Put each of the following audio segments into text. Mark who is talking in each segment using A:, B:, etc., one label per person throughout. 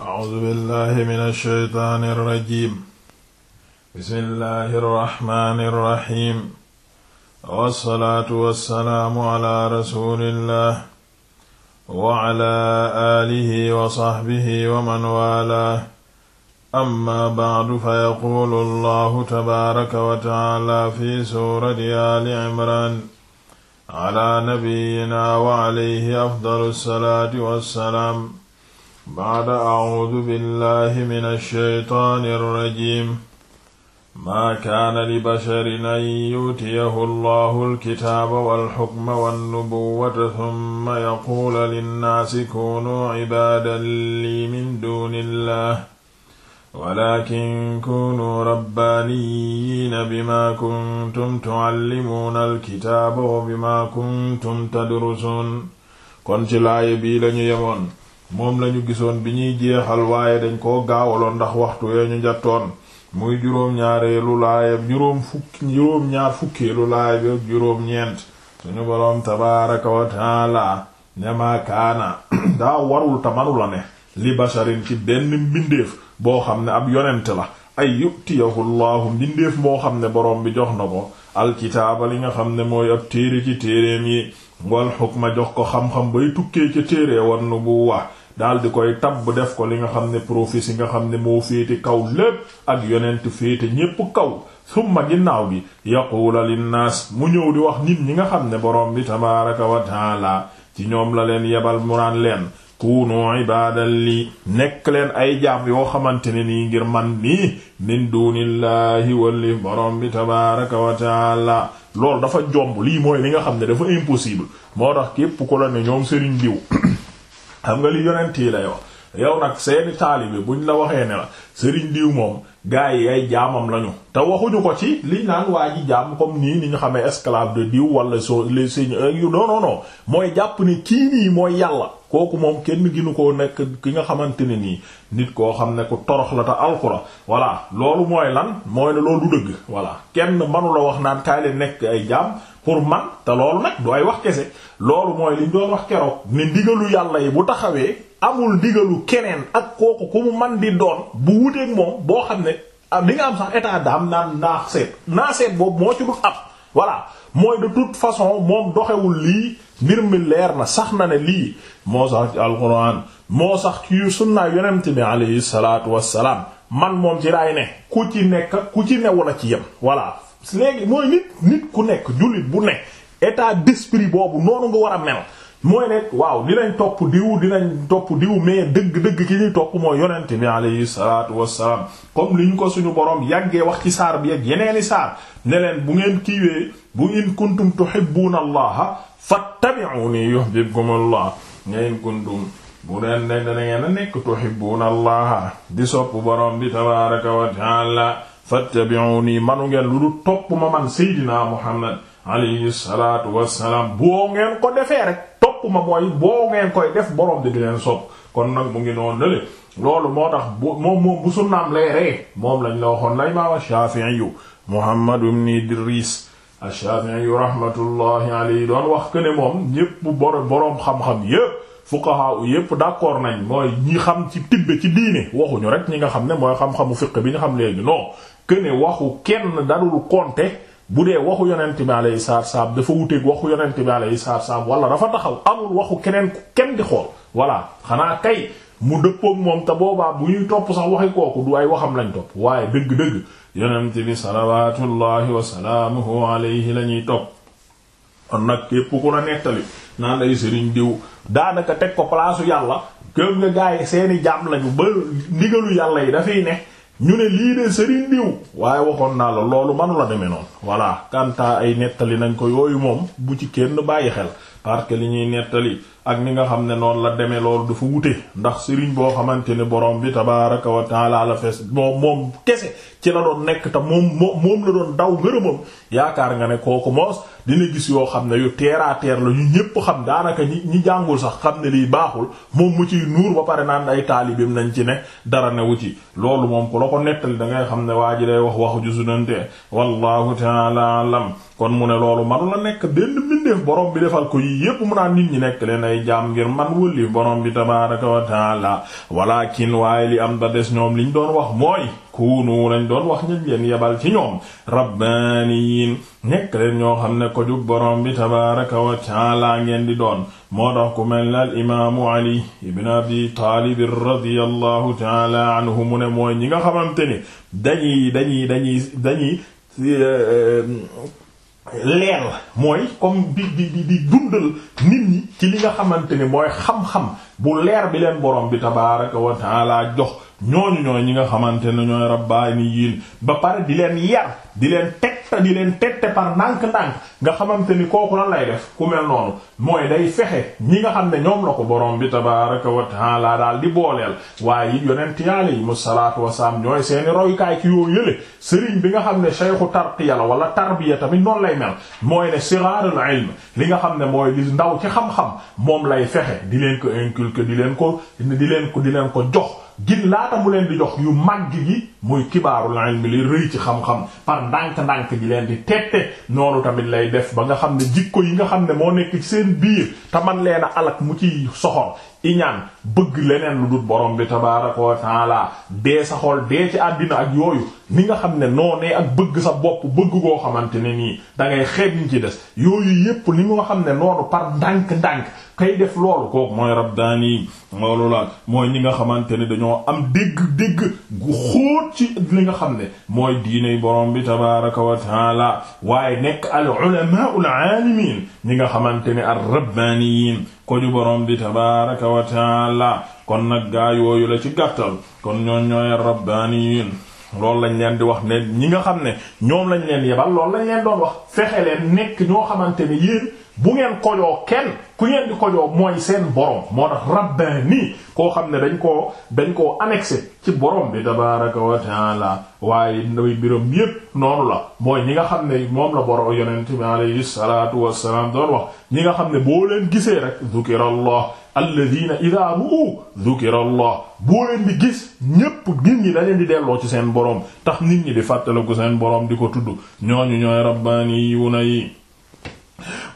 A: A'uuzu billaahi mina shaytaani rajiim. Bismillaahi rahmaani rahiim. Wassalaatu wassalaamu alaa rasuulillaah. Wa alaa aalihi wa sahbihi wa man waalaah. Amma ba'du fa yaquulu Allaahu tabaaraka wa ta'aalaa fi suurati Aali Imraan. Alaa nabiyyinaa wa alayhi afdalu salaati wa salaam. baada acuudu billahi min alsheytaani alrajim maa kaana libasharin an yuutiyahu allahu alkitaaba walxukma wannubuwata summa yaquula linnaasi kunuu cibaadan lii min duuni illah walakin kunuu rabbaaniyiina bimaa kuntum tucallimuuna alkitaaba wa bimaa kuntum tadrusuun kon ci laaye bii lañu yemoon moom lañu gisoon bi ñuy jeexal waaye dañ koo gaawaloon ndax waxtu wee ñu njattoon muy juróom-ñaareelu laaya juróom fukki juróom-ñaar fukkeelu laaya bi ak juróom-ñeent suñu boroom tabaaraka wa taala daa warul tamanu la ne li
B: basharin ci benn mbindeef boo xam ne ab yonent la ay yutiyahu llahu mbindeef moo xam ne boroom bi jox na ko alkitaaba li nga xam ne mooy ab téere ci téereem yi wal xukma jox ko xam-xam bay tukkee ca téere war nubuwa daal di koy tabb def ko li nga xam ne prophétie nga xam ne moo féete kaw lépp ak yonent féete ñépp kaw summa ginnaaw bi yaquula linnaas mu ñëw di wax nit ñi nga xam ne borom bi tabaraka wa taala ci ñoom la leen yebal muraan leen kuunu ibaadal lii nekk leen ay jaam yoo xamante ne nii ngir man nii min dunillahi walli borom bi tabaraka wa taala loolu dafa jomb lii mooy li nga xam ne dafa impossible moo tax képp ku la ne ñoom sëriñ diw xam nga li yonent yi lay wax yow nag seeni bu buñ la waxee ne la sëriñ diw moom gars yi ay jaamam lañu te waxuñu ko ci liñ naan waa ji jaam comme nii ni ñu xamee esclave de diw wala so les seigneurs euh, yu non non mooy jàpp ni kii nii mooy yàlla kooku moom kenn ginu ko nekk ki nga xamante ne nii nit koo xam ne ku torox la te alxura voilà loolu mooy lan mooy ne loolu du dëgg voilà kenn mënu wax naan kaay leen nekk ay jaam pour man te loolu nag du ay wax kese loolu mooy li ñu wax keroog ne ndigalu yàlla yi bu taxawee amul ndigalu keneen ak kooku ku mu man di doon bu wuteeg moom boo xam ne li ah, nga am sax état d'âme naan naa seet naa seet boobu moo ci dul ab voilà mooy de toute façon moom doxewul lii mbir mi leer na sax na ne lii moo sax ci alxuraan moo sax ci sunna yonent bi alayhi wassalaam man moom ci laay ne ku ci nekk ku ci newul a ci yem voilà léegi mooy nit nit ku nekk jullit bu nekk état d'esprit boobu noonu nga war a mel mooy ne waaw dinañ topp diw dinañ topp diw mais dëgg-dëgg ki ñuy topp mooy yonent bi alayhi salaatu wassalaam comme li ñu ko suñu borom yàggee wax ci saar bi ak yeneeni saar ne leen bu ngeen kiiwee bu in kuntum tuhibbuuna allaha fattabi'uuni yuhibbukum allah in kuntum bu deen ne da ngeen a nekk tuhibbuuna allaha di sopp borom bi tabaaraka wa ta'aala fattabi'uuni manu ngeen lu du topp ma man seydinaa muhammad alayhi salaatu wassalaam boo ngeen ko defee rek topp ma mooy boo ngeen koy def borom di di leen sopp kon nag mu ngi noonu loolu moo tax bu moom moom bu sunnaam lay ree moom lañ la waxoon la imaam Shaafi'i yu Muhammad ibn Idris Shaafi'i yu rahmatullahi alayhi doon wax que ne moom ñépp boro boroom xam-xam yépp fuqaha u yépp d'accord nañ mooy ñi xam ci tibb ci diine waxuñu rek ñi nga xam ne mooy xam-xamu fiqh bi ñu xam léegi non que waxu kenn darul compter bu dee waxu yonent bi alayhi salaatu salaam dafa wuteeg waxu yonent bi alayhi salaatu salaam wala dafa taxaw amul waxu keneen kenn di xool voilà xanaa kay mu dëppook moom te boobaa bu ñuy topp sax waxi kooku du ay waxam lañ topp waaye dëgg-dëgg yonent bi salawaatullahi wa salaamuhu alayhi la ñuy topp kon nag képp ku la nettali naan lay sëriñ diw daanaka teg ko palaasu yàlla kër nga gaay seeni jaam lañu ba ndigalu yàlla yi dafay ne ñu ne lii de sëriñ diw waaye waxoon naa la loolu manu la demee noonu voilà kanta ay nettali nañ ko yooyu moom bu ci kenn bàyyi xel parce que li ñuy nettali ak ni nga xam ne noonu la demee loolu dafa wute ndax sëriñ boo xamante ne boroom bi tabaaraka wa taala la fees moom moom kese ci la doon nekk te moom moom la doon daw ngërëmam yaakaar nga ne kooku moos dina gis yoo xam ne yu terre à la ñu ñépp xam daanaka ñi ñi jàngul sax xam ne liy baaxul moom mu ci nuur ba pare naan ay taalibeem nañ ci ne dara newu ci loolu moom ku la ko nettali da ngay xam ne waa ji day wax waxu ju sunante wallahu taala alam kon mu ne loolu manu nekk benn bi defal ko yii ay jaam ngir man wëli borom bi tabaaraka wa taala walaakin waaye li am da des ñoom liñ doon wax mooy kuunu lañ doon wax ñi leen yebal ci ñoom
A: rabbaaniyiin nekk leen ñoo xam ne ko jub borom bi tabaaraka wa taala ngeen di doon moo tax ku mel na al ali ibn abi taalib
B: radiyallahu taala mu ne mooy ñi nga xamante ni dañuy dañuy dañuy dañuy eh, eh, la mooy comme bi di di dundal nit ñi ci li nga xamante ni mooy xam-xam bu leer bi leen borom bi tabaaraka wa taala jox ñooñu ñooy ñi nga xamante ne ñooy rabbaani yiin ba pare di leen yar di leen teg di leen teg par ndànk-ndànk nga xamante ni kooku lan lay def ku mel noonu mooy lay fexe ñi nga xam ne ñoom la ko borom bi tabaaraka wa taala daal di booleel waaye yonent yàlla yi mu salaatu wa ñooy seeni roykaay ci yoo yële sëriñ bi nga xam ne sayxu tarqiya la wala tarbiya tamit noonu lay mel mooy ne sigaarul ilm li nga xam ne mooy li ndaw ci xam-xam moom lay fexe di leen ko inculquer di leen ko di leen ko di leen ko jox gin laata mu leen di jox yu màgg gi muy kibaarul ci xam ndànk-ndànk ji leen di tette noonu tamit lay def ba nga xam ne jikko yi nga xam ne moo nekk ci seen biir te leen a alak mu ci soxor iñaan bëgg leneen lu dul borom bi tabaaraka wa taala dee sa xol dee ci àddina ak yooyu ni nga xam ne noonee ak bëgg sa bopp bëgg koo xamante ne nii da ngay xeeb ñu ci des yooyu yépp ni nga xam ne noonu par ndànk-ndànk kay def loolu kooku mooy rabbaani loolu la mooy ñi nga xamante ne dañoo am dégg-dégg gu xóot ci li nga xam ne mooy diiney borom bi tabaaraka wa waaye nekk al ulamaa'ul aalimiin ñi nga xamante ne ar rabbaaniyiin ko ju borom bi tabaaraka wa taala kon nag gaa yooyu la ci gàttal kon ñoo ñooy rabbaaniyiin loolu lañ leen di wax ne ñi nga xam ne ñoom lañ leen yebal loolu lañ leen doon wax fexe nekk ñoo xamante ne yéen bu ngeen kojoo kenn ku ngeen di kojoo mooy seen borom moo tax rabbani koo xam ne dañ ko dañ koo annexé ci borom bi tabaraka wa taala waaye ndawi biram yépp noonu la mooy ñi nga xam ne moom la borom yonent bi alayhi salaatu wassalaam doon wax ñi nga xam ne boo leen gisee rek zukirallah alladina ida ruu dhukira allah boo leen di gis ñépp nit ñi dañu di delloo ci seen boroom tax nit ñi di fàttaliku seen boroom di ko tudd ñooñu ñooy rabbaaniyuuna yi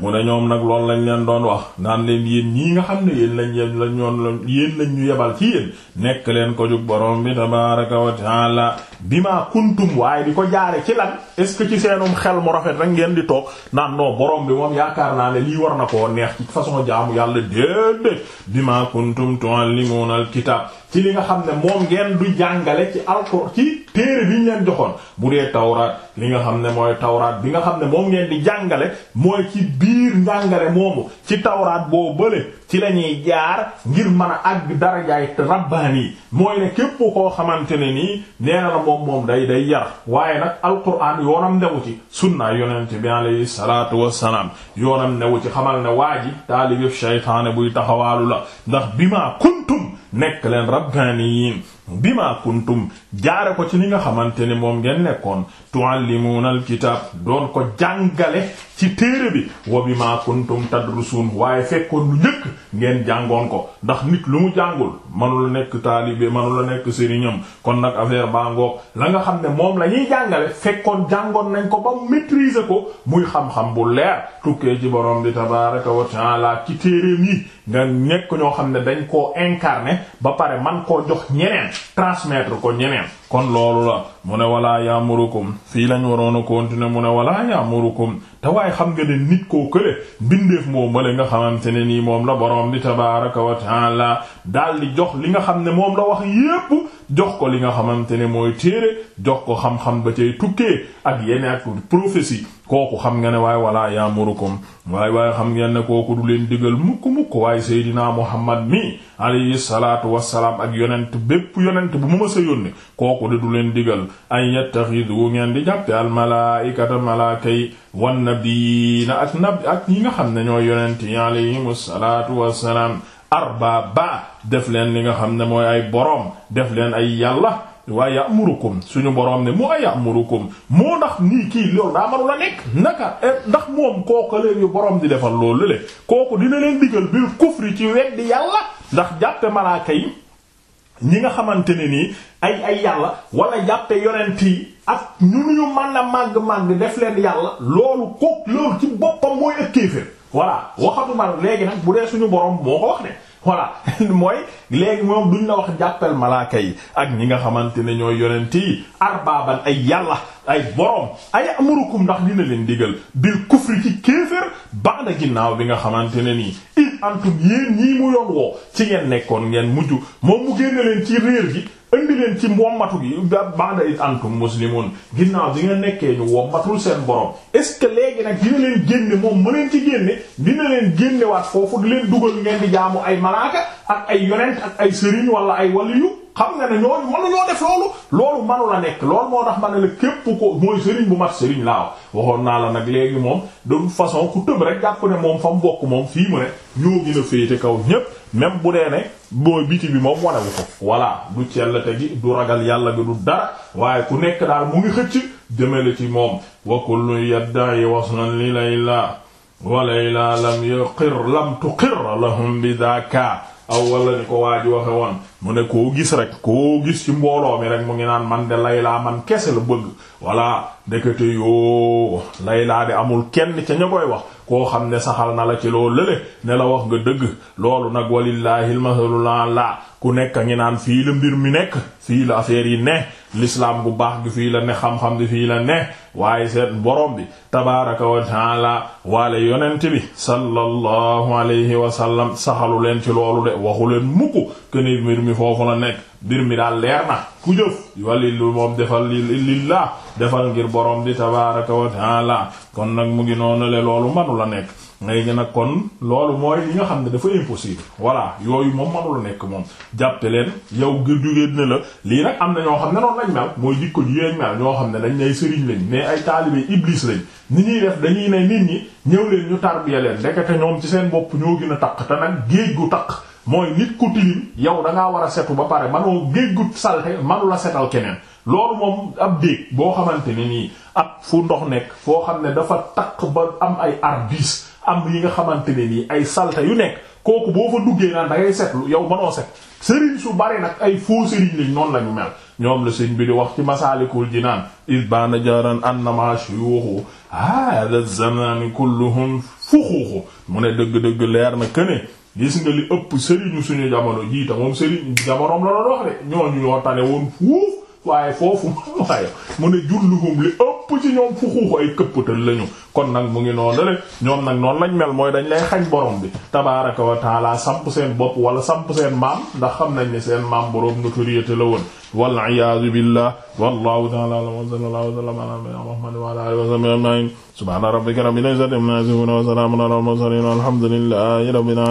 B: mu ne ñoom nag loolu lañ leen doon wax naan leen yéen ñii nga xam ne yéen lañ yeb la ñoon yéen lañ ñu yebal ci yéen nekk leen ko jug borom bi tabaraka wa bi maa kuntum waaye di ko jaare ci lan est ce que ci seenum xel mu rafet rek ngeen di toog naan non borom bi moom yaakaar naa ne lii war na koo neex ci façon jaamu yàlla déedéet bima kuntum tuallimuna alkitab ci li nga xam ne moom ngeen du jàngale ci alxuraan ci téere bi ñu joxoon bu dee tawraat li nga xam ne mooy tawraat bi nga xam ne moom ngeen di jàngale mooy ci biir njàngale moomu ci tawraat boo bële ci la ñuy jaar ngir mën a àgg darajaay rabbaani mooy ne képp koo xamante ne nii nee na la moom moom day day yar waaye nag alquran yoonam newu ci sunna yonente bi alayhi salaatu wassalaam yoonam newu ci xamal ne waa ji taalibib shaytaane buy taxawaalu la ndax bima kuntum nekk leen rabbaaniyiin bima kuntum jaare ko ci li nga xamante ne moom ngeen nekkoon tuallimuuna alkitaab doon ko jàngale ci téere bi wa bima kuntum tadrusuun waaye fekkoon lu njëkk ngeen jàngoon ko ndax nit lu mu jàngul manu la nekk taalibe manu la nekk sëriñam kon nag affaire baa ngoog la nga xam ne moom la ñuy jàngale fekkoon jàngoon nañ ko ba maîtriser ko muy xam-xam bu leer tukkee ci borom bi tabaaraka wa taala ci téereem yi nga nekk ñoo xam ne dañ koo incarner ba pare man koo jox transmettre ko ñeneen kon loolu la mu ne walaa yaamurukum fii lañ waroon a continuer mu ne walaa yaamurukum te waaye xam nga ne nit koo kële bindeef moo male nga xamante ne nii moom la boroom di tabaraka wa taala daal di jox li nga xam ne moom la wax yépp jox ko li nga xamante ne mooy téere jox ko xam-xam ba cay tukkee ak yene ak prophétie kooku xam nga ne waaye walaa yaamurukum waaye waaye xam ngeen ne kooku du leen digal mukk-mukk waaye seydinaa muhammad mi alayhi salaatu ak yonent bépp yonent bu mu ma kooku de du leen digal an yattaxidu ngeen di jàppe al malaikata malaaka yi wan nabiina ak nab ak ñi nga xam ne ñooy yonent yi alayhim asalatu wassalaam arbaba def leen li nga xam ne mooy ay boroom def leen ay yàlla waa ya'murukum suñu boroom ne mu ay ya'murukum moo ndax nii kii loolu daa manu la nekk naka eh, ndax moom kooku leen yu boroom di defal loolu le kooku dina leen digal bil kufri ci weddi yàlla ndax jàppe malaaka yi ñi nga xamante ne nii ay ay yàlla wala jàppe yonent yi ak ñun ñu mën a màgg-màgg def leen yàlla loolu kook loolu ci boppam mooy ak kéefër voilà waxatuma léegi nag bu dee suñu borom boo ko wax ne voilà mooy léegi moom duñ la wax jàppal malaaka yi ak ñi nga xamante ne ñooy yonent yi arbaaban ay yàlla ay borom ay amurukum ndax dina leen digal bil kufri ci kéefër ba'da ginnaaw bi nga xamante nii antum yéen ñii mu yoon woo ci ngeen nekkoon ngeen mujj moom mu génn leen ci réer gi indi leen ci wommatu gi ba'da id antum muslimun ginnaaw di nga nekkee ñu wommatul seen borom est-ce que léegi nag dina leen génne moom ma leen ci génne dina leen génnewaat foofu di leen dugal ngeen di jaamu ay malaaka ak ay yonent ak ay sëriñ wala ay waliyu xam nga ne ñooñu mënuñoo def loolu loolu manu nekk loolu moo tax ma la képp ko mooy sëriñ bu mat sëriñ laa waxoon naa la nag léegi moom de toute façon ku tëb rek jàpp ne moom fa bokk moom fii mu ne ñoo gën a féete kaw ñépp même bu dee ne mooy biti bi moom wanewu ko voilà du cell gi du ragal yàlla gi du dara waaye ku nekk daal mu ngi xëcc jëmale ci moom wa kullu yadda'i waslan li layla wa layla lam yuqir lam tuqir lahum bi dhaka aw wala ni ko waa ji waxe woon mu ne koo gis rek koo gis ci mbooloo mi rek mu ngi naan man de laylaa man kese la bëgg voilà ndekete yoo laylaa di amul kenn ca ña koy wax koo xam ne saxal na la ci loo lële ne la wax nga dëgg loolu nag walillaahi almasalul laa ku nekk a ngi naan fii la mbir mi nekk fii la affaire yi ne l'islam bu baax gi fii la ne xam bi fii la ne waaye seen borom bi tabaraka wa taala waale yonent bi sallallahu alayhi wa sallam saxalu leen ci loolu de waxu leen mukk kene mbir mi foofu la nekk mbir mi daal leer na ku jëf wali lu moom defal lillah defal ngir borom bi tabaraka wa taala kon nag mu ngi noonu le loolu manu la nekk léegi nag kon loolu mooy li nga xam ne dafa impossible voilà yooyu moom manula nekk moom jàppe leen yow gë jógee ne la lii nag am na ñoo xam ne noonu lañ mel mooy jikko ji yeeñ mel ñoo xam ne dañ nay sëriñ lañ mais ay taalibe iblis lañ ni ñuy def dañuy ne nit ñi ñëw leen ñu tarbiya leen ndekete ñoom ci seen bopp ñoo gën a taq te nag géej gu taq mooy nit ku tilim yow da ngaa war a setu ba pare manoo géej gu salte manu la setal keneen loolu moom ab déeg boo xamante ne nii ab fu ndox nekk foo xam ne dafa takk ba am ay arbis am yi nga xamante ne nii ay salta yu nekk kooku boo fa duggee naan da ngay setlu yow mënoo set sëriñ su bari nag ay faux sëriñ lañ noonu lañu mel ñoom la sëñ bi di wax ci masaalikul jinaan isbana jaran annama shuyuhu hada zamani kulluhum fuxuuxu mu ne dëgg-dëgg leer na këne gis nga li ëpp sëriñu suñu jamono jii ta moom sëriñ jamonoom la doon wax de ñooñu ñoo tane woon fuuf waaye foofu waaye mu ne julluhum li ëpp ëpp ci ñoom fu xuuxu ay këppatal lañu kon nag mu ngi noonu rek ñoom nag noonu lañ mel mooy dañ lay xañ borom bi tabaaraka wa taala seen bopp wala samp seen maam ndax xam nañ ne seen maam borom notoriété
A: la woon wal iyaazu billah wallahu ta'ala wa sallallahu wa sallam ala muhammad wa ala alihi wa sahbihi ajma'in subhana rabbika rabbil izzati amma yasifun wa salamun ala al mursalin walhamdulillahi rabbil alamin